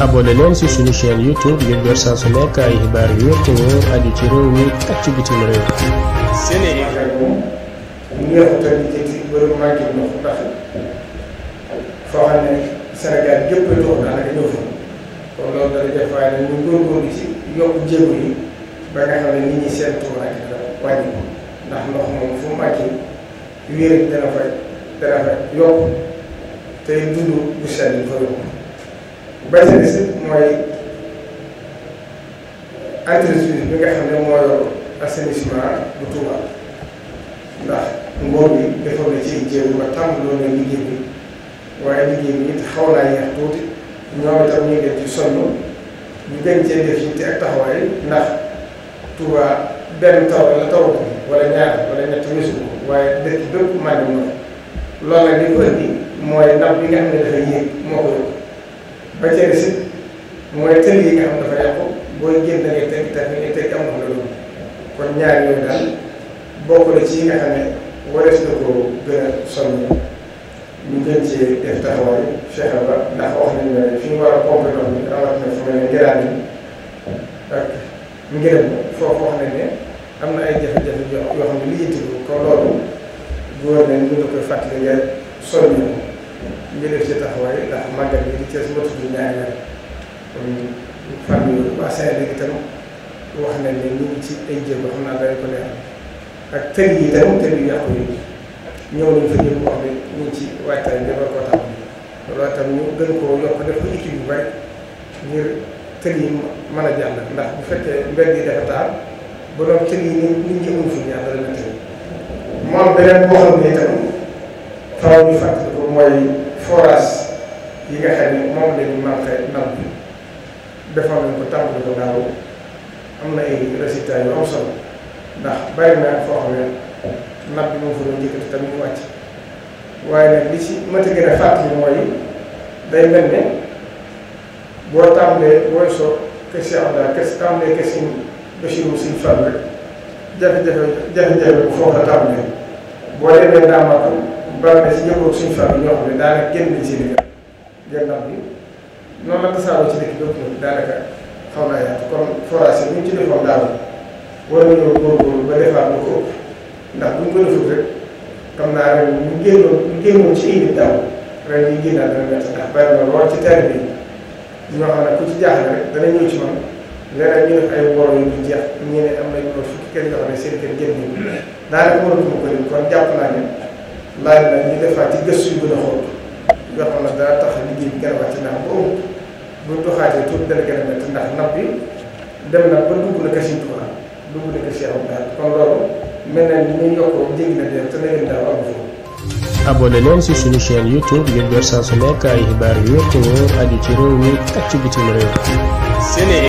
abonné leen ci suñu chaîne YouTube ngir jot saa su nekk ay yu wér te wóor aju ci réew mi ak ci bitim réew. Sénégal moom ñu ci bërëb màggal ndox ndax foo xam ne Sénégal yëpp la fa kon loolu dana def waaye nag yokk jéego yi ba nga xam ne nit ñi seen toog ak wàññi ndax ndox fu mu màggee wéer dana fa yokk te dund bu sell fa yokk. ba ca des it mooy entreprise bi nga xam ne moo yor assainissement bu Touba ndax nguur bi defoon na ci jéego ba tàmbaloon na liggéey bi waaye liggéey bi it xaw naa yéex tuuti ñoom itam ñu ngi ci sonn ñu gën cee def yitte ak taxawaay ndax Touba benn taw la taw bi wala ñaar wala ñett weesu ko waaye dëkk bépp màgg na loolu nag li ko indi mooy ndax bi nga xam ne dafa yéeg moo ko ma ca des it mooy tënk yi nga xam dafa yàqu booy génn da ngay tënk tax ñu ne tënk amul la loolu kon ñaar yooyu daal bokk na ci yi nga xam ne warees na ko gën a soññi ñu gën cee def taxawaay fexe ba ndax wax nañu ne fi ñu war a pompe ndox mi rawatina fu mel ne njëlaat yi ak ngërëm foofu wax nañ ne am na ay jafe-jafe yoo xam ne liy itti ko kon loolu góor nañ ñu ngi koy fàttali nga soññi ñu def ci taxawaay ndax màggal yi di Cees motu bi ñaari weer kon fan yooyu waa Sénégal itam wax nañ ne ñu ngi ci ay jéego xam naa dañ ko leeral ak kër yi itam kër yu yàqu yi ñëw nañ fa ñëw wax ne ñu ngi ci waajtaay bi war koo tax loolu itam ñu gën koo yokk def ko équipe yu bari ngir kër yi mën a jàll ndax bu fekkee mbedd yi dafa taal ba doon kër yi ni nit ñi amul fi ñaar dana métti moom beneen boo xam ne itam faaw ñu fàtt mooy forage yi nga xam ni moom lañu manqué nam defoon nañ ko tàmbali ko daaw am na ay résultats yu am solo ndax bari naa foo xam ne napp bi moom fa mu wàcc waaye nag li ci mët a gën a fàttali mooy day mel ne boo tàmbalee booy soo kese am daal kese tàmbalee kese Bachirou Sine Fall rek jafe-jafe jafe-jafe bu foofu la tàmbalee boo demee daa bari na ci njaboot suñu famille ñoo xam ne daanaka kenn duñ seen i gën gën ndax bi noonu la tasaaroo ci dëkk bi moom daanaka xaw naa yaatu kon forage yi bu ñu ci defoon daaw war nañoo góorgóorlu ba defaat lu ko ëpp ndax bu ñu gën a fukk rek xam naa ren ñu génnoon ñu génnoon ci ay daaw ren ñu génnaat dana métti ndax bari na lool ci tari bi ñoo xam ne ku ci jaaxle rek dana ñëw ci man léeg-léeg ñu def ay woro yu ñu jeex ñu ne am nañu loolu fukki kër yoo xam ne seen kër génn daanaka mënatu ma ko kon laaj na ñu defaat ci gëstu yu gën a xool yoo xam tax liggéey bi gën a wàcc ndax boobu bu ñu doxaatee tuuti dana gën a métti ndax napp bi dem na ba dugg na kër si Tuubaa dugg na kër si am daal kon loolu mel na ni ñu yokkoo jéggi na dem te léegi daaw am foofu. abonné leen ci suñu chaîne YouTube ngir jot saa su nekk ay xibaar yu wér te wóor ci réew mi ak ci bitim réew.